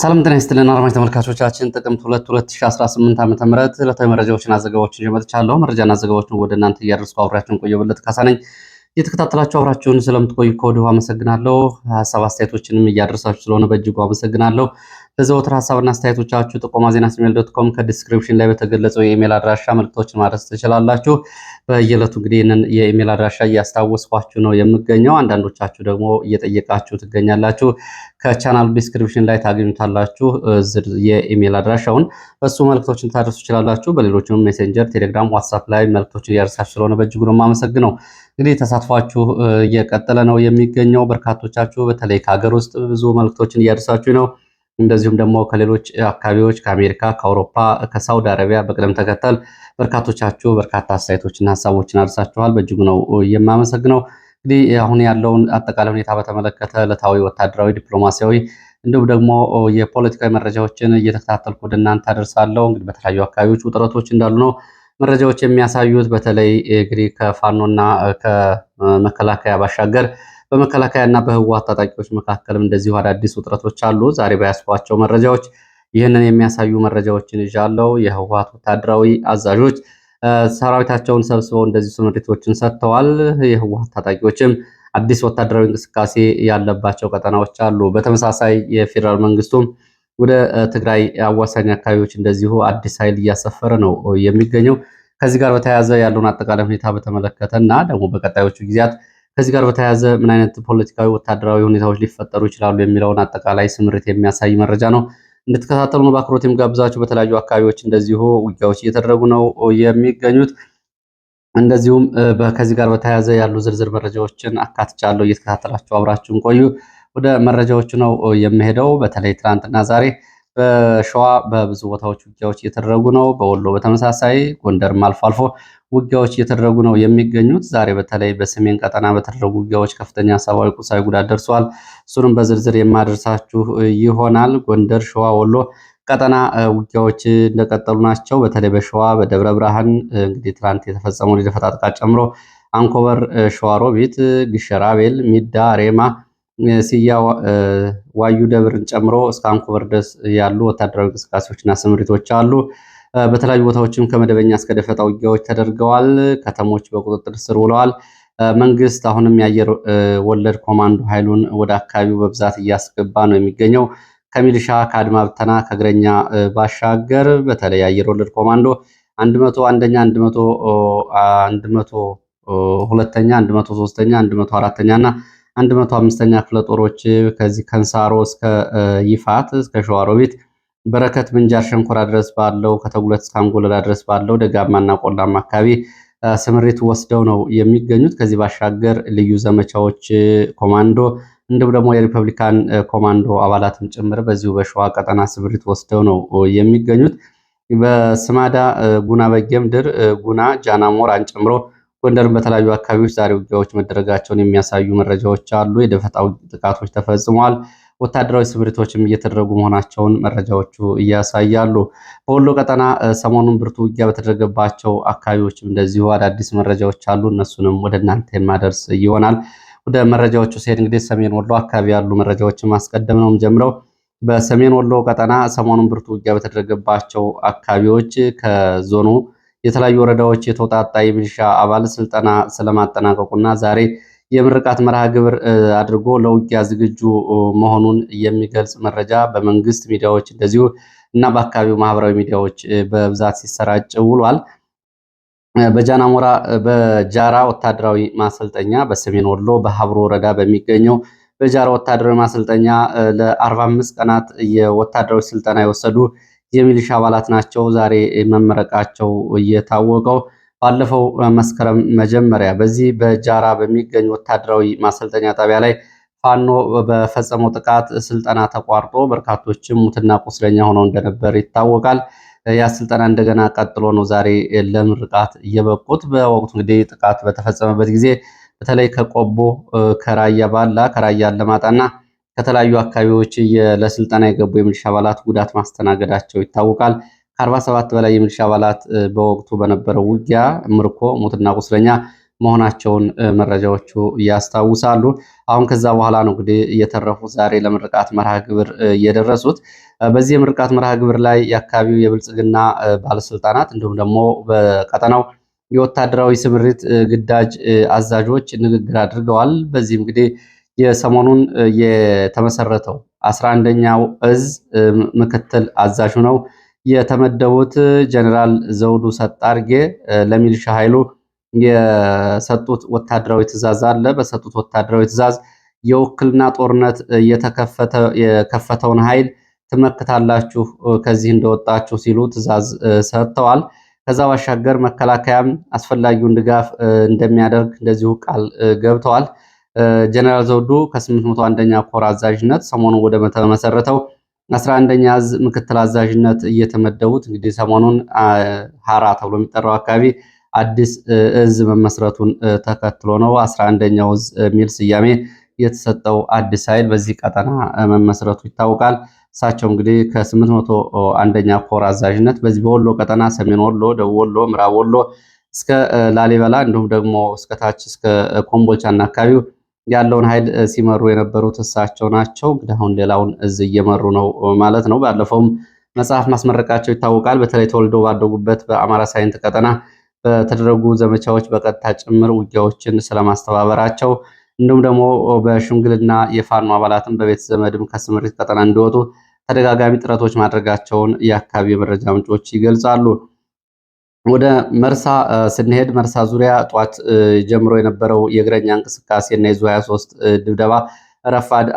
ሰላም ጤና ይስጥልን አድማጭ ተመልካቾቻችን፣ ጥቅምት 2 2018 ዓ.ም ዕለታዊ መረጃዎችና ዘገባዎችን ይዤ መጥቻለሁ። መረጃና ዘገባዎችን ወደ እናንተ እያደረስኩ አብሬያችሁን ቆየሁበት ካሳ ነኝ። እየተከታተላችሁ አብራችሁን ስለምትቆዩ ከወዲሁ አመሰግናለሁ። ሀሳብ አስተያየቶችንም እያደረሳችሁ ስለሆነ በእጅጉ አመሰግናለሁ። ለዘወትር ሀሳብና አስተያየቶቻችሁ ጥቆማ ዜና ጂሜል ዶት ኮም ከዲስክሪፕሽን ላይ በተገለጸው የኢሜል አድራሻ መልክቶችን ማድረስ ትችላላችሁ። በየዕለቱ እንግዲህ ይህንን የኢሜል አድራሻ እያስታወስኳችሁ ነው የምገኘው። አንዳንዶቻችሁ ደግሞ እየጠየቃችሁ ትገኛላችሁ። ከቻናል ዲስክሪፕሽን ላይ ታገኙታላችሁ የኢሜል አድራሻውን። በሱ መልክቶችን ታደርሱ ትችላላችሁ። በሌሎችም ሜሴንጀር፣ ቴሌግራም፣ ዋትሳፕ ላይ መልክቶችን እያደረሳችሁ ስለሆነ በእጅጉ ነው የማመሰግነው። እንግዲህ ተሳትፏችሁ እየቀጠለ ነው የሚገኘው። በርካቶቻችሁ በተለይ ከሀገር ውስጥ ብዙ መልክቶችን እያደርሳችሁ ነው። እንደዚሁም ደግሞ ከሌሎች አካባቢዎች ከአሜሪካ፣ ከአውሮፓ፣ ከሳውዲ አረቢያ በቅደም ተከተል በርካቶቻችሁ በርካታ አስተያየቶችና ሀሳቦችን አድርሳችኋል። በእጅጉ ነው የማመሰግነው። እንግዲህ አሁን ያለውን አጠቃላይ ሁኔታ በተመለከተ ዕለታዊ ወታደራዊ፣ ዲፕሎማሲያዊ እንዲሁም ደግሞ የፖለቲካዊ መረጃዎችን እየተከታተልኩ ወደ እናንተ አደርሳለሁ። እንግዲህ በተለያዩ አካባቢዎች ውጥረቶች እንዳሉ ነው መረጃዎች የሚያሳዩት በተለይ እንግዲህ ከፋኖና ከመከላከያ ባሻገር በመከላከያና በህወሓት ታጣቂዎች መካከልም እንደዚሁ አዳዲስ ውጥረቶች አሉ። ዛሬ በያስኳቸው መረጃዎች ይህንን የሚያሳዩ መረጃዎችን ይዣለሁ። የህወሓት ወታደራዊ አዛዦች ሰራዊታቸውን ሰብስበው እንደዚህ ስምሪቶችን ሰጥተዋል። የህወሓት ታጣቂዎችም አዲስ ወታደራዊ እንቅስቃሴ ያለባቸው ቀጠናዎች አሉ። በተመሳሳይ የፌዴራል መንግስቱም ወደ ትግራይ አዋሳኝ አካባቢዎች እንደዚሁ አዲስ ኃይል እያሰፈረ ነው የሚገኘው። ከዚህ ጋር በተያያዘ ያለውን አጠቃላይ ሁኔታ በተመለከተ እና ደግሞ በቀጣዮቹ ጊዜያት ከዚህ ጋር በተያያዘ ምን አይነት ፖለቲካዊ፣ ወታደራዊ ሁኔታዎች ሊፈጠሩ ይችላሉ የሚለውን አጠቃላይ ስምሪት የሚያሳይ መረጃ ነው። እንድትከታተሉ ነው በአክብሮት የምጋብዛችሁ። በተለያዩ አካባቢዎች እንደዚሁ ውጊያዎች እየተደረጉ ነው የሚገኙት። እንደዚሁም ከዚህ ጋር በተያያዘ ያሉ ዝርዝር መረጃዎችን አካትቻለሁ። እየተከታተላችሁ አብራችሁን ቆዩ። ወደ መረጃዎቹ ነው የሚሄደው። በተለይ ትናንትና ዛሬ በሸዋ በብዙ ቦታዎች ውጊያዎች እየተደረጉ ነው። በወሎ በተመሳሳይ ጎንደርም አልፎ አልፎ ውጊያዎች እየተደረጉ ነው የሚገኙት። ዛሬ በተለይ በሰሜን ቀጠና በተደረጉ ውጊያዎች ከፍተኛ ሰብአዊ፣ ቁሳዊ ጉዳት ደርሷል። እሱንም በዝርዝር የማደርሳችሁ ይሆናል። ጎንደር፣ ሸዋ፣ ወሎ ቀጠና ውጊያዎች እንደቀጠሉ ናቸው። በተለይ በሸዋ በደብረ ብርሃን እንግዲህ ትናንት የተፈጸመው የደፈጣ ጥቃት ጨምሮ አንኮበር፣ ሸዋሮቢት፣ ግሸራቤል፣ ሚዳ፣ ሬማ ሲያ ዋዩ ደብርን ጨምሮ እስከ አንኮበር ድረስ ያሉ ወታደራዊ እንቅስቃሴዎችና ስምሪቶች አሉ። በተለያዩ ቦታዎችም ከመደበኛ እስከ ደፈጣ ውጊያዎች ተደርገዋል። ከተሞች በቁጥጥር ስር ውለዋል። መንግስት አሁንም የአየር ወለድ ኮማንዶ ኃይሉን ወደ አካባቢው በብዛት እያስገባ ነው የሚገኘው። ከሚሊሻ ከአድማ ብተና ከእግረኛ ባሻገር በተለይ የአየር ወለድ ኮማንዶ አንድ መቶ አንደኛ አንድ መቶ ሁለተኛ አንድ መቶ ሶስተኛ አንድ መቶ አራተኛ እና አንድ አምስተኛ ክፍለ ጦሮች ከዚህ ከንሳሮ እስከ ይፋት እስከ ሸዋሮቢት በረከት ምንጃር ሸንኮራ ድረስ ባለው ከተጉለት እስከ አንጎለላ ድረስ ባለው ደጋማና ቆላማ አካባቢ ስምሪት ወስደው ነው የሚገኙት። ከዚህ ባሻገር ልዩ ዘመቻዎች ኮማንዶ እንዲሁም ደግሞ የሪፐብሊካን ኮማንዶ አባላትም ጭምር በዚሁ በሸዋ ቀጠና ስምሪት ወስደው ነው የሚገኙት። በስማዳ ጉና፣ በጌምድር ጉና፣ ጃናሞራን ጨምሮ ጎንደርን በተለያዩ አካባቢዎች ዛሬ ውጊያዎች መደረጋቸውን የሚያሳዩ መረጃዎች አሉ። የደፈጣ ጥቃቶች ተፈጽመዋል። ወታደራዊ ስምሪቶችም እየተደረጉ መሆናቸውን መረጃዎቹ እያሳያሉ። በወሎ ቀጠና ሰሞኑን ብርቱ ውጊያ በተደረገባቸው አካባቢዎችም እንደዚሁ አዳዲስ መረጃዎች አሉ። እነሱንም ወደ እናንተ የማደርስ ይሆናል። ወደ መረጃዎቹ ሲሄድ እንግዲህ ሰሜን ወሎ አካባቢ ያሉ መረጃዎችን ማስቀደም ነው ጀምረው በሰሜን ወሎ ቀጠና ሰሞኑን ብርቱ ውጊያ በተደረገባቸው አካባቢዎች ከዞኑ የተለያዩ ወረዳዎች የተውጣጣ የሚሊሻ አባል ስልጠና ስለማጠናቀቁና ዛሬ የምርቃት መርሃ ግብር አድርጎ ለውጊያ ዝግጁ መሆኑን የሚገልጽ መረጃ በመንግስት ሚዲያዎች እንደዚሁ እና በአካባቢው ማህበራዊ ሚዲያዎች በብዛት ሲሰራጭ ውሏል። በጃናሞራ በጃራ ወታደራዊ ማሰልጠኛ በሰሜን ወሎ በሀብሮ ወረዳ በሚገኘው በጃራ ወታደራዊ ማሰልጠኛ ለ45 ቀናት የወታደራዊ ስልጠና የወሰዱ የሚሊሻ አባላት ናቸው ዛሬ መመረቃቸው እየታወቀው ባለፈው መስከረም መጀመሪያ በዚህ በጃራ በሚገኝ ወታደራዊ ማሰልጠኛ ጣቢያ ላይ ፋኖ በፈጸመው ጥቃት ስልጠና ተቋርጦ በርካቶችም ሙትና ቁስለኛ ሆነው እንደነበር ይታወቃል። ያ ስልጠና እንደገና ቀጥሎ ነው ዛሬ ለምርቃት እየበቁት። በወቅቱ እንግዲህ ጥቃት በተፈጸመበት ጊዜ በተለይ ከቆቦ ከራያ ባላ ከራያ አላማጣና ከተለያዩ አካባቢዎች ለስልጠና የገቡ የሚሊሻ አባላት ጉዳት ማስተናገዳቸው ይታወቃል። ከአርባ ሰባት በላይ የሚሊሻ አባላት በወቅቱ በነበረው ውጊያ ምርኮ፣ ሞትና ቁስለኛ መሆናቸውን መረጃዎቹ ያስታውሳሉ። አሁን ከዛ በኋላ ነው እንግዲህ እየተረፉ ዛሬ ለምርቃት መርሃ ግብር የደረሱት። በዚህ የምርቃት መርሃ ግብር ላይ የአካባቢው የብልጽግና ባለስልጣናት እንዲሁም ደግሞ በቀጠናው የወታደራዊ ስምሪት ግዳጅ አዛዦች ንግግር አድርገዋል። በዚህም እንግዲህ የሰሞኑን የተመሰረተው አስራ አንደኛው እዝ ምክትል አዛዥ ነው የተመደቡት ጀኔራል ዘውዱ ሰጣርጌ ለሚልሻ ኃይሉ የሰጡት ወታደራዊ ትእዛዝ አለ። በሰጡት ወታደራዊ ትእዛዝ የውክልና ጦርነት የከፈተውን ኃይል ትመክታላችሁ፣ ከዚህ እንደወጣችሁ ሲሉ ትእዛዝ ሰጥተዋል። ከዛ ባሻገር መከላከያም አስፈላጊውን ድጋፍ እንደሚያደርግ እንደዚሁ ቃል ገብተዋል። ጀነራል ዘውዱ ከ801ኛ ኮር አዛዥነት ሰሞኑን ወደ መሰረተው 11ኛ እዝ ምክትል አዛዥነት እየተመደቡት እንግዲህ ሰሞኑን ሀራ ተብሎ የሚጠራው አካባቢ አዲስ እዝ መመስረቱን ተከትሎ ነው። 11ኛው እዝ የሚል ስያሜ የተሰጠው አዲስ ኃይል በዚህ ቀጠና መመስረቱ ይታወቃል። እሳቸው እንግዲህ ከ801ኛ ኮር አዛዥነት በዚህ በወሎ ቀጠና ሰሜን ወሎ፣ ደቡብ ወሎ፣ ምዕራብ ወሎ እስከ ላሊበላ እንዲሁም ደግሞ እስከታች እስከ ኮምቦልቻና አካባቢው ያለውን ኃይል ሲመሩ የነበሩት እሳቸው ናቸው። እንግዲህ አሁን ሌላውን እዝ እየመሩ ነው ማለት ነው። ባለፈውም መጽሐፍ ማስመረቃቸው ይታወቃል። በተለይ ተወልዶ ባደጉበት በአማራ ሳይንት ቀጠና በተደረጉ ዘመቻዎች በቀጥታ ጭምር ውጊያዎችን ስለማስተባበራቸው እንዲሁም ደግሞ በሽምግልና የፋኖ አባላትም በቤት ዘመድም ከስምሪት ቀጠና እንዲወጡ ተደጋጋሚ ጥረቶች ማድረጋቸውን የአካባቢ የመረጃ ምንጮች ይገልጻሉ። ወደ መርሳ ስንሄድ መርሳ ዙሪያ ጧት ጀምሮ የነበረው የእግረኛ እንቅስቃሴ እና የዙ 23 ድብደባ ረፋድ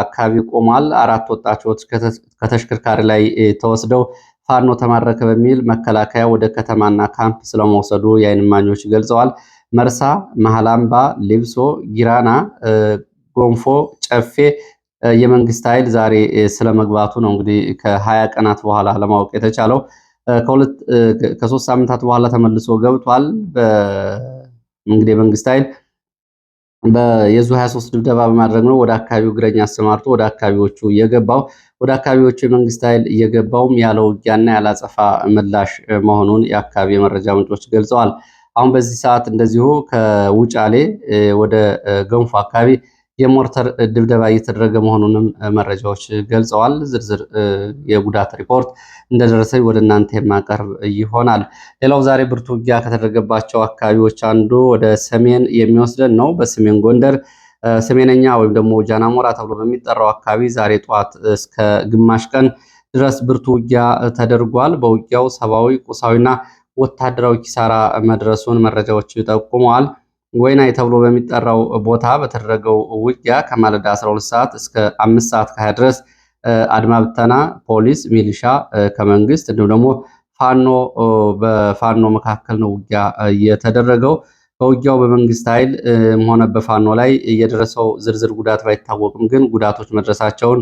አካባቢ ቆሟል። አራት ወጣቶች ከተሽከርካሪ ላይ ተወስደው ፋኖ ተማረከ በሚል መከላከያ ወደ ከተማና ካምፕ ስለመውሰዱ የዓይን እማኞች ገልጸዋል። መርሳ፣ መሃላምባ፣ ሊብሶ፣ ጊራና፣ ጎንፎ፣ ጨፌ የመንግስት ኃይል ዛሬ ስለመግባቱ ነው እንግዲህ ከሀያ ቀናት በኋላ ለማወቅ የተቻለው። ከሶስት ሳምንታት በኋላ ተመልሶ ገብቷል። እንግዲህ የመንግስት ኃይል የዙ 23 ድብደባ በማድረግ ነው ወደ አካባቢው እግረኛ አሰማርቶ ወደ አካባቢዎቹ እየገባው ወደ አካባቢዎቹ የመንግስት ኃይል እየገባውም ያለ ውጊያና ያላጸፋ ምላሽ መሆኑን የአካባቢ የመረጃ ምንጮች ገልጸዋል። አሁን በዚህ ሰዓት እንደዚሁ ከውጫሌ ወደ ገንፎ አካባቢ የሞርተር ድብደባ እየተደረገ መሆኑንም መረጃዎች ገልጸዋል። ዝርዝር የጉዳት ሪፖርት እንደደረሰኝ ወደ እናንተ የማቀርብ ይሆናል። ሌላው ዛሬ ብርቱ ውጊያ ከተደረገባቸው አካባቢዎች አንዱ ወደ ሰሜን የሚወስደን ነው። በሰሜን ጎንደር ሰሜነኛ ወይም ደግሞ ጃናሞራ ተብሎ በሚጠራው አካባቢ ዛሬ ጠዋት እስከ ግማሽ ቀን ድረስ ብርቱ ውጊያ ተደርጓል። በውጊያው ሰብአዊ፣ ቁሳዊና ወታደራዊ ኪሳራ መድረሱን መረጃዎች ጠቁመዋል። ወይናይ ተብሎ በሚጠራው ቦታ በተደረገው ውጊያ ከማለዳ 12 ሰዓት እስከ 5 ሰዓት ከሃያ ድረስ አድማ ብተና፣ ፖሊስ፣ ሚሊሻ ከመንግስት እንዲሁም ደግሞ ፋኖ በፋኖ መካከል ነው ውጊያ የተደረገው። በውጊያው በመንግስት ኃይል ሆነ በፋኖ ላይ የደረሰው ዝርዝር ጉዳት ባይታወቅም ግን ጉዳቶች መድረሳቸውን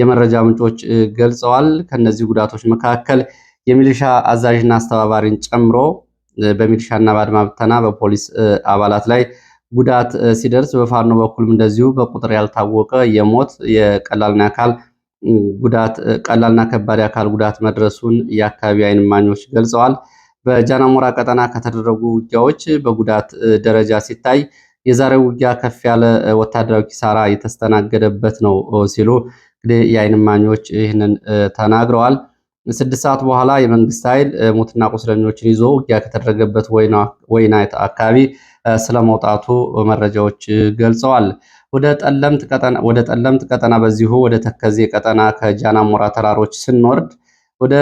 የመረጃ ምንጮች ገልጸዋል። ከነዚህ ጉዳቶች መካከል የሚሊሻ አዛዥና አስተባባሪን ጨምሮ በሚሊሻና በአድማ ብተና በፖሊስ አባላት ላይ ጉዳት ሲደርስ በፋኖ በኩልም እንደዚሁ በቁጥር ያልታወቀ የሞት የቀላልና አካል ጉዳት ቀላልና ከባድ አካል ጉዳት መድረሱን የአካባቢ አይን እማኞች ገልጸዋል። በጃናሞራ ቀጠና ከተደረጉ ውጊያዎች በጉዳት ደረጃ ሲታይ የዛሬው ውጊያ ከፍ ያለ ወታደራዊ ኪሳራ የተስተናገደበት ነው ሲሉ የአይን እማኞች ይህንን ተናግረዋል። ስድስት ሰዓት በኋላ የመንግስት ኃይል ሞትና ቁስለኞችን ይዞ ውጊያ ከተደረገበት ወይና አካባቢ ስለመውጣቱ መረጃዎች ገልጸዋል። ወደ ጠለምት ቀጠና በዚሁ ወደ ተከዜ ቀጠና ከጃናሞራ ተራሮች ስንወርድ ወደ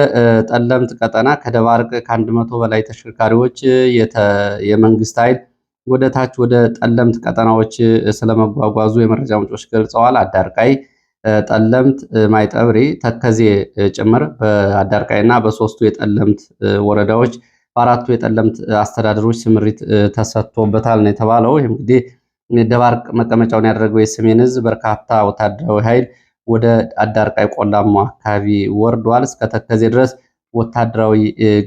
ጠለምት ቀጠና ከደባርቅ ከአንድ መቶ በላይ ተሽከርካሪዎች የመንግስት ኃይል ወደ ታች ወደ ጠለምት ቀጠናዎች ስለመጓጓዙ የመረጃ ምንጮች ገልጸዋል። አዳርቃይ ጠለምት፣ ማይጠብሪ፣ ተከዜ ጭምር በአዳርቃይና በሶስቱ የጠለምት ወረዳዎች በአራቱ የጠለምት አስተዳደሮች ስምሪት ተሰጥቶበታል ነው የተባለው። ይህም እንግዲህ ደባርቅ መቀመጫውን ያደረገው የሰሜን እዝ በርካታ ወታደራዊ ኃይል ወደ አዳርቃይ ቆላማ አካባቢ ወርዷል። እስከ ተከዜ ድረስ ወታደራዊ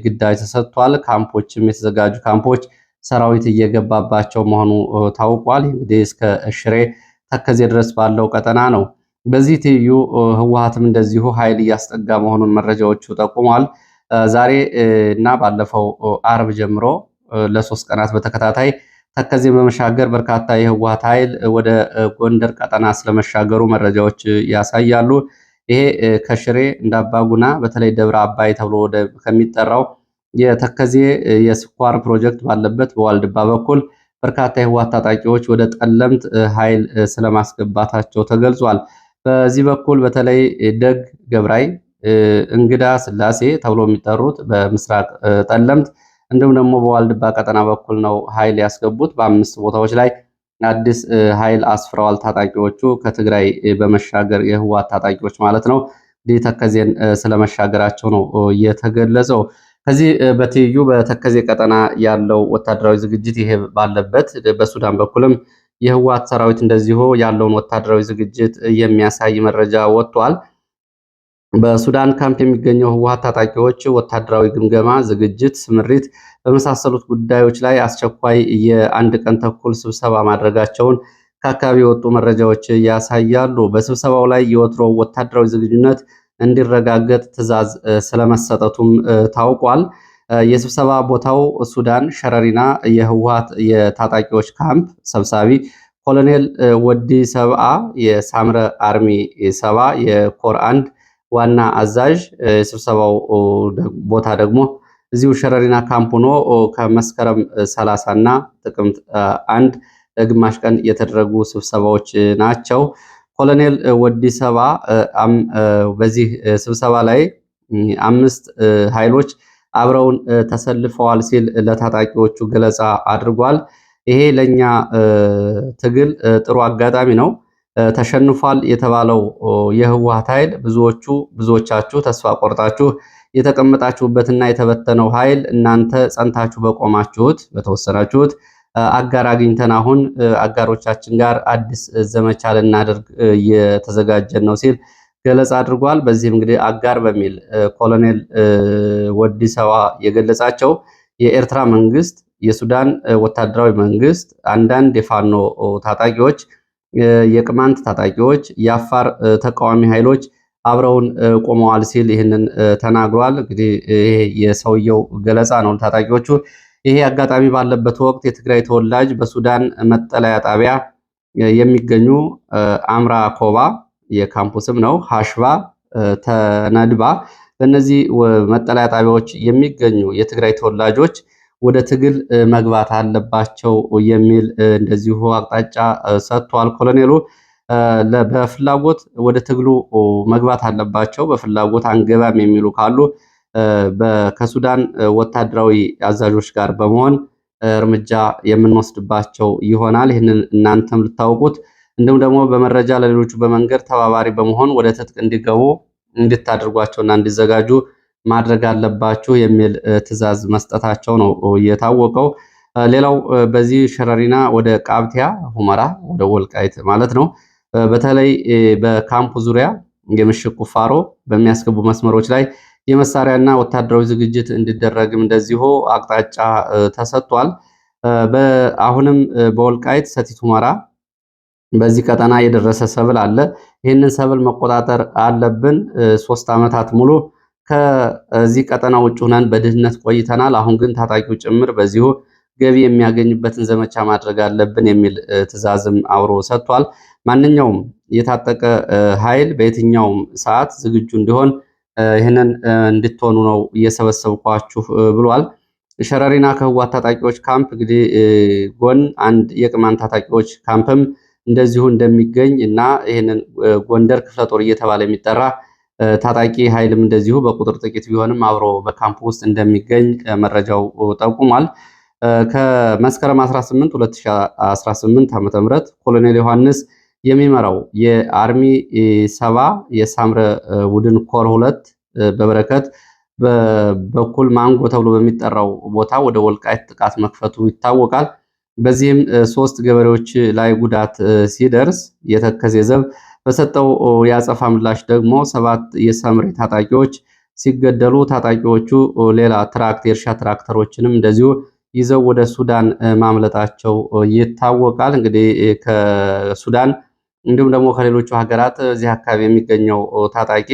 ግዳጅ ተሰጥቷል። ካምፖችም የተዘጋጁ ካምፖች ሰራዊት እየገባባቸው መሆኑ ታውቋል። እንግዲህ እስከ ሽሬ ተከዜ ድረስ ባለው ቀጠና ነው። በዚህ ትይዩ ህወሀትም እንደዚሁ ኃይል እያስጠጋ መሆኑን መረጃዎቹ ጠቁሟል። ዛሬ እና ባለፈው አርብ ጀምሮ ለሶስት ቀናት በተከታታይ ተከዜን በመሻገር በርካታ የህወሀት ኃይል ወደ ጎንደር ቀጠና ስለመሻገሩ መረጃዎች ያሳያሉ። ይሄ ከሽሬ እንዳባጉና በተለይ ደብረ አባይ ተብሎ ከሚጠራው የተከዜ የስኳር ፕሮጀክት ባለበት በዋልድባ በኩል በርካታ የህወሀት ታጣቂዎች ወደ ጠለምት ኃይል ስለማስገባታቸው ተገልጿል። በዚህ በኩል በተለይ ደግ ገብራይ፣ እንግዳ ስላሴ ተብሎ የሚጠሩት በምስራቅ ጠለምት እንዲሁም ደግሞ በዋልድባ ቀጠና በኩል ነው ኃይል ያስገቡት። በአምስት ቦታዎች ላይ አዲስ ኃይል አስፍረዋል። ታጣቂዎቹ ከትግራይ በመሻገር የህዋት ታጣቂዎች ማለት ነው ተከዜን ስለመሻገራቸው ነው የተገለጸው። ከዚህ በትይዩ በተከዜ ቀጠና ያለው ወታደራዊ ዝግጅት ይሄ ባለበት በሱዳን በኩልም የህወሓት ሰራዊት እንደዚሁ ያለውን ወታደራዊ ዝግጅት የሚያሳይ መረጃ ወጥቷል። በሱዳን ካምፕ የሚገኘው ህወሓት ታጣቂዎች ወታደራዊ ግምገማ፣ ዝግጅት፣ ስምሪት በመሳሰሉት ጉዳዮች ላይ አስቸኳይ የአንድ ቀን ተኩል ስብሰባ ማድረጋቸውን ከአካባቢ የወጡ መረጃዎች ያሳያሉ። በስብሰባው ላይ የወትሮ ወታደራዊ ዝግጁነት እንዲረጋገጥ ትዕዛዝ ስለመሰጠቱም ታውቋል። የስብሰባ ቦታው ሱዳን ሸረሪና የህወሀት የታጣቂዎች ካምፕ ሰብሳቢ ኮሎኔል ወዲ ሰብአ የሳምረ አርሚ ሰባ የኮር አንድ ዋና አዛዥ። የስብሰባው ቦታ ደግሞ እዚሁ ሸረሪና ካምፕ ሆኖ ከመስከረም 30 እና ጥቅምት አንድ ለግማሽ ቀን የተደረጉ ስብሰባዎች ናቸው። ኮሎኔል ወዲ ሰባ በዚህ ስብሰባ ላይ አምስት ኃይሎች አብረውን ተሰልፈዋል ሲል ለታጣቂዎቹ ገለጻ አድርጓል። ይሄ ለእኛ ትግል ጥሩ አጋጣሚ ነው። ተሸንፏል የተባለው የህወሓት ኃይል ብዙዎቹ ብዙዎቻችሁ ተስፋ ቆርጣችሁ የተቀመጣችሁበትና የተበተነው ኃይል እናንተ ጸንታችሁ በቆማችሁት በተወሰናችሁት አጋር አግኝተን አሁን አጋሮቻችን ጋር አዲስ ዘመቻ ልናደርግ እየተዘጋጀን ነው ሲል ገለጻ አድርጓል። በዚህም እንግዲህ አጋር በሚል ኮሎኔል ሰዋ የገለጻቸው የኤርትራ መንግስት፣ የሱዳን ወታደራዊ መንግስት፣ አንዳንድ የፋኖ ታጣቂዎች፣ የቅማንት ታጣቂዎች፣ የአፋር ተቃዋሚ ኃይሎች አብረውን ቆመዋል ሲል ይህንን ተናግሯል። እንግዲህ ይሄ የሰውየው ገለጻ ነው ታጣቂዎቹ ይሄ አጋጣሚ ባለበት ወቅት የትግራይ ተወላጅ በሱዳን መጠለያ ጣቢያ የሚገኙ አምራ ኮባ የካምፑ ስም ነው። ሀሽባ፣ ተነድባ በእነዚህ መጠለያ ጣቢያዎች የሚገኙ የትግራይ ተወላጆች ወደ ትግል መግባት አለባቸው የሚል እንደዚሁ አቅጣጫ ሰጥቷል ኮሎኔሉ። በፍላጎት ወደ ትግሉ መግባት አለባቸው፣ በፍላጎት አንገባም የሚሉ ካሉ ከሱዳን ወታደራዊ አዛዦች ጋር በመሆን እርምጃ የምንወስድባቸው ይሆናል። ይህንን እናንተም ልታውቁት እንዲሁም ደግሞ በመረጃ ለሌሎቹ በመንገድ ተባባሪ በመሆን ወደ ትጥቅ እንዲገቡ እንድታደርጓቸውና እንዲዘጋጁ ማድረግ አለባችሁ የሚል ትዕዛዝ መስጠታቸው ነው የታወቀው። ሌላው በዚህ ሸረሪና ወደ ቃብቲያ ሁመራ ወደ ወልቃይት ማለት ነው። በተለይ በካምፕ ዙሪያ የምሽግ ቁፋሮ በሚያስገቡ መስመሮች ላይ የመሳሪያና ወታደራዊ ዝግጅት እንዲደረግም እንደዚሁ አቅጣጫ ተሰጥቷል። አሁንም በወልቃይት ሰቲት ሁመራ በዚህ ቀጠና የደረሰ ሰብል አለ። ይህንን ሰብል መቆጣጠር አለብን። ሶስት ዓመታት ሙሉ ከዚህ ቀጠና ውጭ ሆነን በድህነት ቆይተናል። አሁን ግን ታጣቂው ጭምር በዚሁ ገቢ የሚያገኝበትን ዘመቻ ማድረግ አለብን የሚል ትዕዛዝም አብሮ ሰጥቷል። ማንኛውም የታጠቀ ኃይል በየትኛውም ሰዓት ዝግጁ እንዲሆን ይህንን እንድትሆኑ ነው እየሰበሰብኳችሁ ብሏል። ሸረሪና ከህዋት ታጣቂዎች ካምፕ እንግዲህ ጎን አንድ የቅማን ታጣቂዎች ካምፕም እንደዚሁ እንደሚገኝ እና ይህንን ጎንደር ክፍለ ጦር እየተባለ የሚጠራ ታጣቂ ኃይልም እንደዚሁ በቁጥር ጥቂት ቢሆንም አብሮ በካምፕ ውስጥ እንደሚገኝ መረጃው ጠቁሟል። ከመስከረም 18 2018 ዓ.ም ኮሎኔል ዮሐንስ የሚመራው የአርሚ ሰባ የሳምረ ቡድን ኮር ሁለት በበረከት በኩል ማንጎ ተብሎ በሚጠራው ቦታ ወደ ወልቃይት ጥቃት መክፈቱ ይታወቃል። በዚህም ሶስት ገበሬዎች ላይ ጉዳት ሲደርስ የተከዜ ዘብ በሰጠው የአጸፋ ምላሽ ደግሞ ሰባት የሳምሪ ታጣቂዎች ሲገደሉ ታጣቂዎቹ ሌላ ትራክት የእርሻ ትራክተሮችንም እንደዚሁ ይዘው ወደ ሱዳን ማምለጣቸው ይታወቃል። እንግዲህ ከሱዳን እንዲሁም ደግሞ ከሌሎቹ ሀገራት እዚህ አካባቢ የሚገኘው ታጣቂ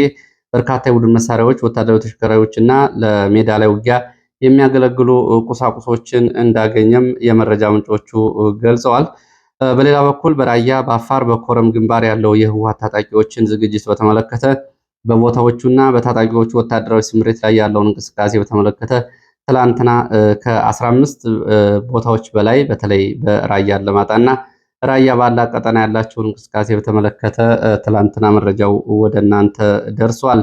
በርካታ የቡድን መሳሪያዎች፣ ወታደራዊ ተሽከርካሪዎች እና ለሜዳ ላይ ውጊያ የሚያገለግሉ ቁሳቁሶችን እንዳገኘም የመረጃ ምንጮቹ ገልጸዋል። በሌላ በኩል በራያ በአፋር በኮረም ግንባር ያለው የህወሓት ታጣቂዎችን ዝግጅት በተመለከተ በቦታዎቹና በታጣቂዎቹ ወታደራዊ ስምሪት ላይ ያለውን እንቅስቃሴ በተመለከተ ትላንትና ከ15 ቦታዎች በላይ በተለይ በራያ አላማጣና ራያ ባላ ቀጠና ያላቸውን እንቅስቃሴ በተመለከተ ትላንትና መረጃው ወደ እናንተ ደርሷል።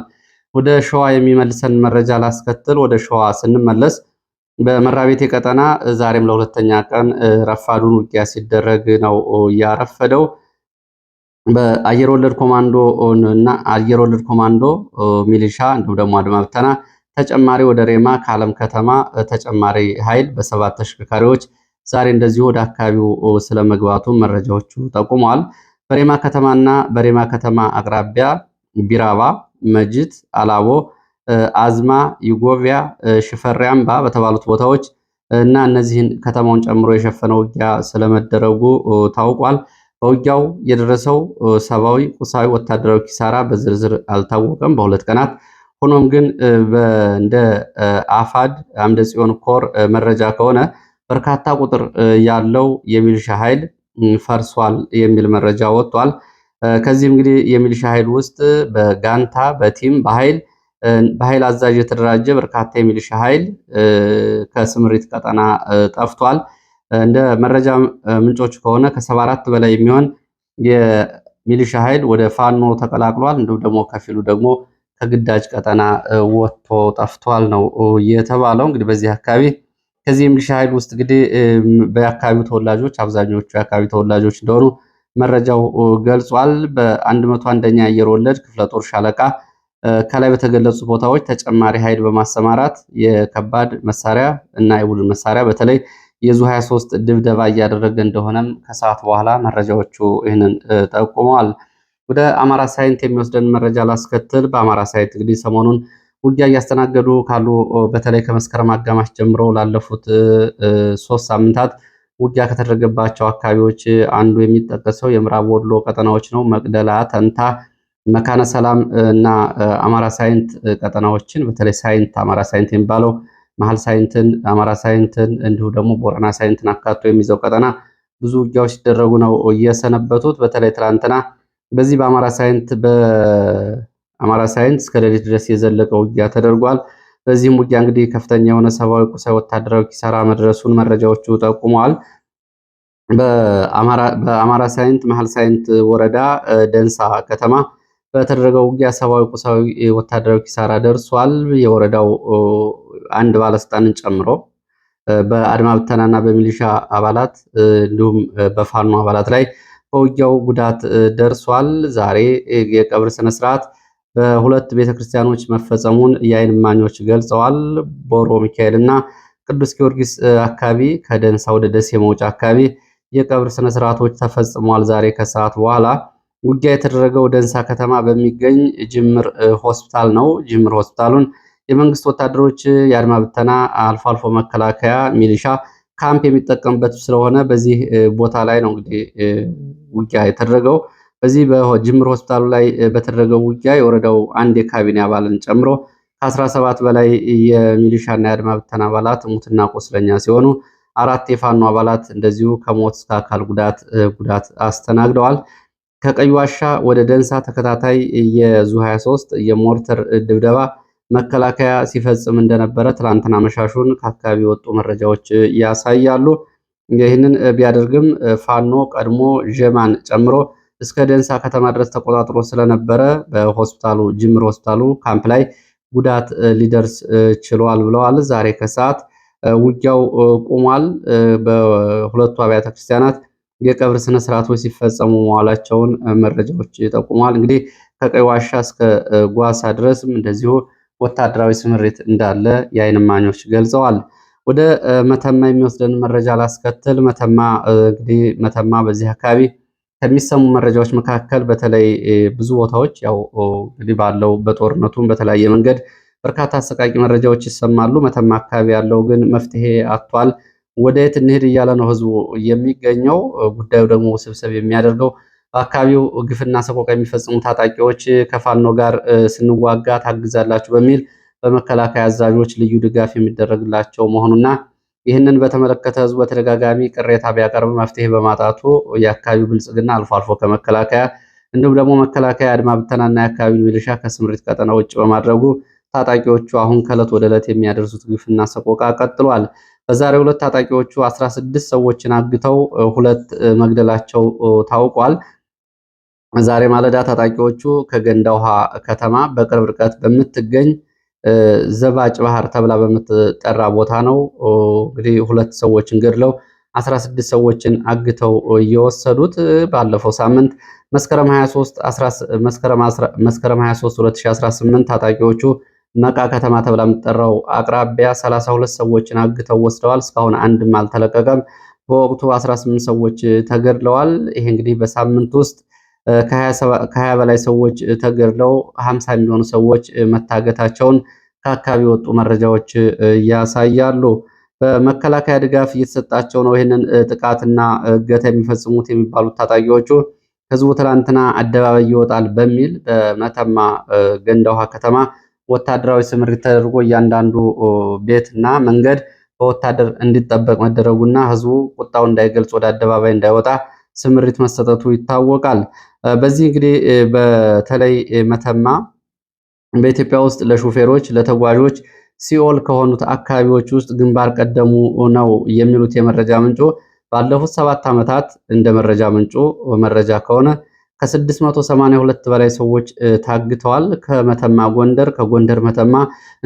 ወደ ሸዋ የሚመልሰን መረጃ ላስከትል። ወደ ሸዋ ስንመለስ በመራቤቴ ቀጠና ዛሬም ለሁለተኛ ቀን ረፋዱን ውጊያ ሲደረግ ነው ያረፈደው። በአየር ወለድ ኮማንዶ እና አየር ወለድ ኮማንዶ ሚሊሻ፣ እንዲሁም ደግሞ አድማብተና ተጨማሪ ወደ ሬማ ከአለም ከተማ ተጨማሪ ኃይል በሰባት ተሽከርካሪዎች ዛሬ እንደዚሁ ወደ አካባቢው ስለመግባቱ መረጃዎቹ ጠቁመዋል። በሬማ ከተማና በሬማ ከተማ አቅራቢያ ቢራባ መጅት፣ አላቦ፣ አዝማ፣ ይጎቪያ፣ ሽፈሪያምባ በተባሉት ቦታዎች እና እነዚህን ከተማውን ጨምሮ የሸፈነ ውጊያ ስለመደረጉ ታውቋል። በውጊያው የደረሰው ሰብአዊ፣ ቁሳዊ፣ ወታደራዊ ኪሳራ በዝርዝር አልታወቀም። በሁለት ቀናት ሆኖም ግን እንደ አፋድ አምደ ጽዮን ኮር መረጃ ከሆነ በርካታ ቁጥር ያለው የሚልሻ ኃይል ፈርሷል የሚል መረጃ ወጥቷል። ከዚህ እንግዲህ የሚሊሻ ኃይል ውስጥ በጋንታ በቲም በኃይል በኃይል አዛዥ የተደራጀ በርካታ የሚሊሻ ኃይል ከስምሪት ቀጠና ጠፍቷል። እንደ መረጃ ምንጮች ከሆነ ከሰባ አራት በላይ የሚሆን የሚሊሻ ኃይል ወደ ፋኖ ተቀላቅሏል። እንዲሁም ደግሞ ከፊሉ ደግሞ ከግዳጅ ቀጠና ወጥቶ ጠፍቷል ነው የተባለው። እንግዲህ በዚህ አካባቢ ከዚህ የሚሊሻ ኃይል ውስጥ እንግዲህ በአካባቢው ተወላጆች አብዛኞቹ የአካባቢው ተወላጆች እንደሆኑ መረጃው ገልጿል። በ101ኛ አየር ወለድ ክፍለ ጦር ሻለቃ ከላይ በተገለጹ ቦታዎች ተጨማሪ ኃይል በማሰማራት የከባድ መሳሪያ እና የቡድን መሳሪያ በተለይ የዙ 23 ድብደባ እያደረገ እንደሆነም ከሰዓት በኋላ መረጃዎቹ ይህንን ጠቁመዋል። ወደ አማራ ሳይንት የሚወስደን መረጃ ላስከትል። በአማራ ሳይንት እንግዲህ ሰሞኑን ውጊያ እያስተናገዱ ካሉ በተለይ ከመስከረም አጋማሽ ጀምሮ ላለፉት ሶስት ሳምንታት ውጊያ ከተደረገባቸው አካባቢዎች አንዱ የሚጠቀሰው የምዕራብ ወሎ ቀጠናዎች ነው። መቅደላ፣ ተንታ፣ መካነ ሰላም እና አማራ ሳይንት ቀጠናዎችን በተለይ ሳይንት አማራ ሳይንት የሚባለው መሀል ሳይንትን፣ አማራ ሳይንትን እንዲሁ ደግሞ ቦረና ሳይንትን አካቶ የሚይዘው ቀጠና ብዙ ውጊያዎች ሲደረጉ ነው እየሰነበቱት። በተለይ ትላንትና በዚህ በአማራ ሳይንት በአማራ ሳይንት እስከ ሌሊት ድረስ የዘለቀ ውጊያ ተደርጓል። በዚህም ውጊያ እንግዲህ ከፍተኛ የሆነ ሰብአዊ፣ ቁሳዊ፣ ወታደራዊ ኪሳራ መድረሱን መረጃዎቹ ጠቁመዋል። በአማራ ሳይንት መሀል ሳይንት ወረዳ ደንሳ ከተማ በተደረገው ውጊያ ሰብአዊ፣ ቁሳዊ፣ ወታደራዊ ኪሳራ ደርሷል። የወረዳው አንድ ባለስልጣንን ጨምሮ በአድማ ብተናና በሚሊሻ አባላት እንዲሁም በፋኖ አባላት ላይ በውጊያው ጉዳት ደርሷል። ዛሬ የቀብር ስነስርዓት በሁለት ቤተክርስቲያኖች መፈጸሙን የአይን እማኞች ገልጸዋል። ቦሮ ሚካኤል እና ቅዱስ ጊዮርጊስ አካባቢ ከደንሳ ወደ ደሴ መውጫ አካባቢ የቀብር ስነስርዓቶች ተፈጽመዋል። ዛሬ ከሰዓት በኋላ ውጊያ የተደረገው ደንሳ ከተማ በሚገኝ ጅምር ሆስፒታል ነው። ጅምር ሆስፒታሉን የመንግስት ወታደሮች፣ የአድማ ብተና፣ አልፎ አልፎ መከላከያ፣ ሚሊሻ ካምፕ የሚጠቀምበት ስለሆነ በዚህ ቦታ ላይ ነው እንግዲህ ውጊያ የተደረገው። በዚህ በጅምር ሆስፒታሉ ላይ በተደረገው ውጊያ የወረዳው አንድ የካቢኔ አባልን ጨምሮ ከ17 በላይ የሚሊሻና የአድማ ብተን አባላት ሙትና ቆስለኛ ሲሆኑ አራት የፋኖ አባላት እንደዚሁ ከሞት እስከ አካል ጉዳት ጉዳት አስተናግደዋል። ከቀይ ዋሻ ወደ ደንሳ ተከታታይ የዙ 23 የሞርተር ድብደባ መከላከያ ሲፈጽም እንደነበረ ትላንትና መሻሹን ከአካባቢ የወጡ መረጃዎች ያሳያሉ። ይህንን ቢያደርግም ፋኖ ቀድሞ ዠማን ጨምሮ እስከ ደንሳ ከተማ ድረስ ተቆጣጥሮ ስለነበረ በሆስፒታሉ ጅምር ሆስፒታሉ ካምፕ ላይ ጉዳት ሊደርስ ችሏል ብለዋል። ዛሬ ከሰዓት ውጊያው ቆሟል። በሁለቱ አብያተ ክርስቲያናት የቀብር ስነ ስርዓቶች ሲፈጸሙ መዋላቸውን መረጃዎች ይጠቁሟል። እንግዲህ ከቀይ ዋሻ እስከ ጓሳ ድረስም እንደዚሁ ወታደራዊ ስምሪት እንዳለ የአይን እማኞች ገልጸዋል። ወደ መተማ የሚወስደን መረጃ ላስከትል። መተማ እንግዲህ መተማ በዚህ አካባቢ ከሚሰሙ መረጃዎች መካከል በተለይ ብዙ ቦታዎች ያው እንግዲህ ባለው በጦርነቱም በተለያየ መንገድ በርካታ አሰቃቂ መረጃዎች ይሰማሉ። መተማ አካባቢ ያለው ግን መፍትሄ አጥቷል። ወደ የት እንሄድ እያለ ነው ህዝቡ የሚገኘው። ጉዳዩ ደግሞ ውስብስብ የሚያደርገው በአካባቢው ግፍና ሰቆቃ የሚፈጽሙ ታጣቂዎች ከፋኖ ጋር ስንዋጋ ታግዛላችሁ በሚል በመከላከያ አዛዦች ልዩ ድጋፍ የሚደረግላቸው መሆኑና ይህንን በተመለከተ ህዝቡ በተደጋጋሚ ቅሬታ ቢያቀርብ መፍትሄ በማጣቱ የአካባቢው ብልጽግና አልፎ አልፎ ከመከላከያ እንዲሁም ደግሞ መከላከያ አድማ ብተናና የአካባቢ ሚሊሻ ከስምሪት ቀጠና ውጭ በማድረጉ ታጣቂዎቹ አሁን ከእለት ወደ ዕለት የሚያደርሱት ግፍና ሰቆቃ ቀጥሏል። በዛሬ ሁለት ታጣቂዎቹ 16 ሰዎችን አግተው ሁለት መግደላቸው ታውቋል። ዛሬ ማለዳ ታጣቂዎቹ ከገንዳ ውሃ ከተማ በቅርብ ርቀት በምትገኝ ዘባጭ ባህር ተብላ በምትጠራ ቦታ ነው እንግዲህ ሁለት ሰዎችን ገድለው 16 ሰዎችን አግተው እየወሰዱት ባለፈው ሳምንት መስከረም 23 መስከረም 23 2018 ታጣቂዎቹ መቃ ከተማ ተብላ የምትጠራው አቅራቢያ 32 ሰዎችን አግተው ወስደዋል። እስካሁን አንድም አልተለቀቀም። በወቅቱ 18 ሰዎች ተገድለዋል። ይሄ እንግዲህ በሳምንት ውስጥ ከሀያ በላይ ሰዎች ተገድለው ሀምሳ የሚሆኑ ሰዎች መታገታቸውን ከአካባቢ የወጡ መረጃዎች ያሳያሉ። በመከላከያ ድጋፍ እየተሰጣቸው ነው ይህንን ጥቃትና እገታ የሚፈጽሙት የሚባሉት ታጣቂዎቹ ህዝቡ ትላንትና አደባባይ ይወጣል በሚል በመተማ ገንዳ ውሃ ከተማ ወታደራዊ ስምሪት ተደርጎ እያንዳንዱ ቤትና መንገድ በወታደር እንዲጠበቅ መደረጉና ህዝቡ ቁጣው እንዳይገልጽ ወደ አደባባይ እንዳይወጣ ስምሪት መሰጠቱ ይታወቃል። በዚህ እንግዲህ በተለይ መተማ በኢትዮጵያ ውስጥ ለሹፌሮች ለተጓዦች ሲኦል ከሆኑት አካባቢዎች ውስጥ ግንባር ቀደሙ ነው የሚሉት የመረጃ ምንጩ ባለፉት ሰባት ዓመታት እንደ መረጃ ምንጩ መረጃ ከሆነ ከ682 በላይ ሰዎች ታግተዋል። ከመተማ ጎንደር፣ ከጎንደር መተማ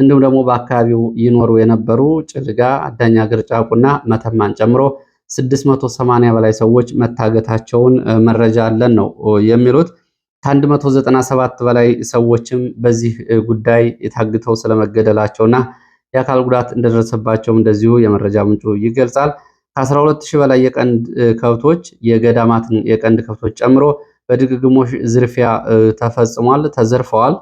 እንዲሁም ደግሞ በአካባቢው ይኖሩ የነበሩ ጭልጋ፣ አዳኛ፣ ግርጫቁና መተማን ጨምሮ 680 በላይ ሰዎች መታገታቸውን መረጃ አለን ነው የሚሉት። ከ197 በላይ ሰዎችም በዚህ ጉዳይ ታግተው ስለመገደላቸውና የአካል ጉዳት እንደደረሰባቸውም እንደዚሁ የመረጃ ምንጩ ይገልጻል። ከ12 በላይ የቀንድ ከብቶች የገዳማትን የቀንድ ከብቶች ጨምሮ በድግግሞሽ ዝርፊያ ተፈጽሟል፣ ተዘርፈዋል።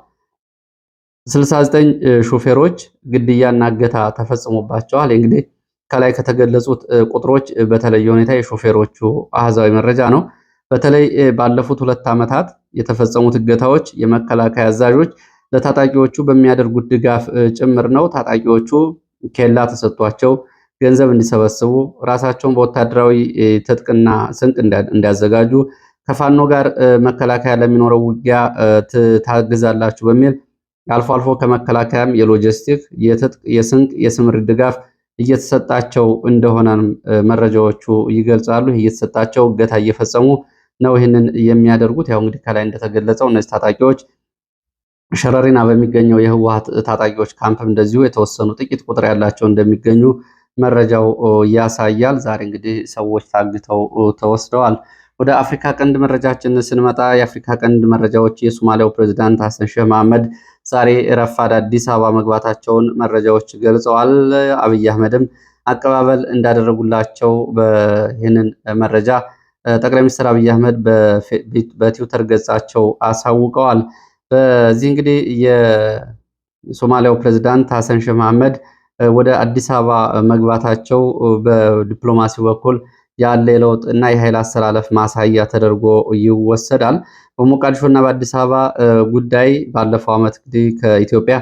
69 ሹፌሮች ግድያና እገታ ተፈጽሞባቸዋል። እንግዲህ ከላይ ከተገለጹት ቁጥሮች በተለየ ሁኔታ የሾፌሮቹ አሃዛዊ መረጃ ነው። በተለይ ባለፉት ሁለት ዓመታት የተፈጸሙት እገታዎች የመከላከያ አዛዦች ለታጣቂዎቹ በሚያደርጉት ድጋፍ ጭምር ነው። ታጣቂዎቹ ኬላ ተሰጥቷቸው ገንዘብ እንዲሰበስቡ ራሳቸውን በወታደራዊ ትጥቅና ስንቅ እንዲያዘጋጁ ከፋኖ ጋር መከላከያ ለሚኖረው ውጊያ ታግዛላችሁ በሚል አልፎ አልፎ ከመከላከያም የሎጂስቲክ የትጥቅ የስንቅ የስምሪት ድጋፍ እየተሰጣቸው እንደሆነ መረጃዎቹ ይገልጻሉ። እየተሰጣቸው እገታ እየፈጸሙ ነው ይህንን የሚያደርጉት። ያው እንግዲህ ከላይ እንደተገለጸው እነዚህ ታጣቂዎች ሸረሪና በሚገኘው የህወሓት ታጣቂዎች ካምፕም እንደዚሁ የተወሰኑ ጥቂት ቁጥር ያላቸው እንደሚገኙ መረጃው ያሳያል። ዛሬ እንግዲህ ሰዎች ታግተው ተወስደዋል። ወደ አፍሪካ ቀንድ መረጃችን ስንመጣ የአፍሪካ ቀንድ መረጃዎች የሶማሊያው ፕሬዚዳንት ሀሰን ሼህ መሐመድ ዛሬ ረፋድ አዲስ አበባ መግባታቸውን መረጃዎች ገልጸዋል። አብይ አህመድም አቀባበል እንዳደረጉላቸው ይህንን መረጃ ጠቅላይ ሚኒስትር አብይ አህመድ በትዊተር ገጻቸው አሳውቀዋል። በዚህ እንግዲህ የሶማሊያው ፕሬዚዳንት ሀሰን ሼህ መሐመድ ወደ አዲስ አበባ መግባታቸው በዲፕሎማሲ በኩል ያለ የለውጥ እና የኃይል አሰላለፍ ማሳያ ተደርጎ ይወሰዳል። በሞቃዲሾ እና በአዲስ አበባ ጉዳይ ባለፈው ዓመት እንግዲህ ከኢትዮጵያ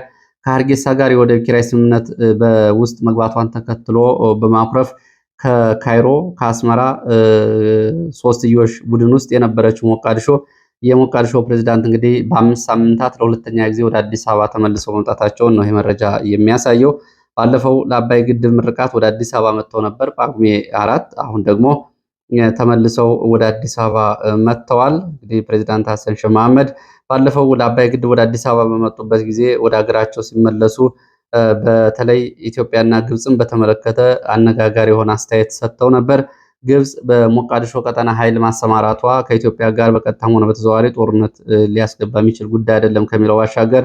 ከሀርጌሳ ጋር የወደብ ኪራይ ስምምነት በውስጥ መግባቷን ተከትሎ በማኩረፍ ከካይሮ ከአስመራ ሶስትዮሽ ቡድን ውስጥ የነበረችው ሞቃዲሾ የሞቃዲሾ ፕሬዚዳንት እንግዲህ በአምስት ሳምንታት ለሁለተኛ ጊዜ ወደ አዲስ አበባ ተመልሰው መምጣታቸውን ነው ይህ መረጃ የሚያሳየው። ባለፈው ለአባይ ግድብ ምርቃት ወደ አዲስ አበባ መጥተው ነበር ጳጉሜ አራት አሁን ደግሞ ተመልሰው ወደ አዲስ አበባ መጥተዋል። እንግዲህ ፕሬዚዳንት ሀሰን ሼህ መሐመድ ባለፈው ለአባይ ግድብ ወደ አዲስ አበባ በመጡበት ጊዜ ወደ ሀገራቸው ሲመለሱ በተለይ ኢትዮጵያና ግብፅን በተመለከተ አነጋጋሪ የሆነ አስተያየት ሰጥተው ነበር። ግብፅ በሞቃዲሾ ቀጠና ኃይል ማሰማራቷ ከኢትዮጵያ ጋር በቀጥታም ሆነ በተዘዋዋሪ ጦርነት ሊያስገባ የሚችል ጉዳይ አይደለም ከሚለው ባሻገር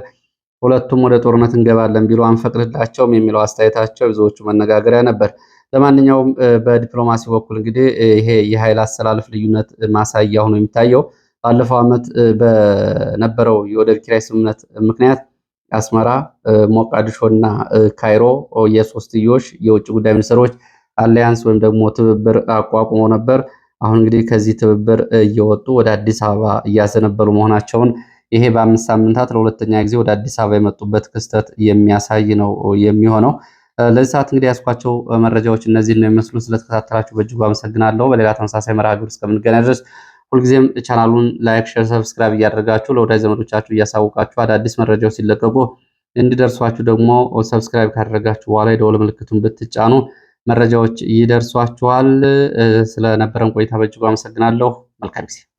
ሁለቱም ወደ ጦርነት እንገባለን ቢሉ አንፈቅድላቸውም የሚለው አስተያየታቸው የብዙዎቹ መነጋገሪያ ነበር። ለማንኛውም በዲፕሎማሲ በኩል እንግዲህ ይሄ የኃይል አሰላለፍ ልዩነት ማሳያ ሆኖ የሚታየው ባለፈው ዓመት በነበረው የወደብ ኪራይ ስምምነት ምክንያት አስመራ፣ ሞቃዲሾና ካይሮ የሶስትዮሽ የውጭ ጉዳይ ሚኒስትሮች አሊያንስ ወይም ደግሞ ትብብር አቋቁመው ነበር። አሁን እንግዲህ ከዚህ ትብብር እየወጡ ወደ አዲስ አበባ እያዘነበሉ መሆናቸውን ይሄ በአምስት ሳምንታት ለሁለተኛ ጊዜ ወደ አዲስ አበባ የመጡበት ክስተት የሚያሳይ ነው የሚሆነው። ለዚህ ሰዓት እንግዲህ ያስኳቸው መረጃዎች እነዚህ ነው የሚመስሉ። ስለተከታተላችሁ በእጅጉ አመሰግናለሁ። በሌላ ተመሳሳይ መርሃ ግብር እስከምንገናኝ ድረስ ሁልጊዜም ቻናሉን ላይክ፣ ሼር፣ ሰብስክራይብ እያደረጋችሁ ለወዳጅ ዘመዶቻችሁ እያሳወቃችሁ አዳዲስ መረጃዎች ሲለቀቁ እንዲደርሷችሁ ደግሞ ሰብስክራይብ ካደረጋችሁ በኋላ የደወል ምልክቱን ብትጫኑ መረጃዎች ይደርሷችኋል። ስለነበረን ቆይታ በእጅጉ አመሰግናለሁ። መልካም ጊዜ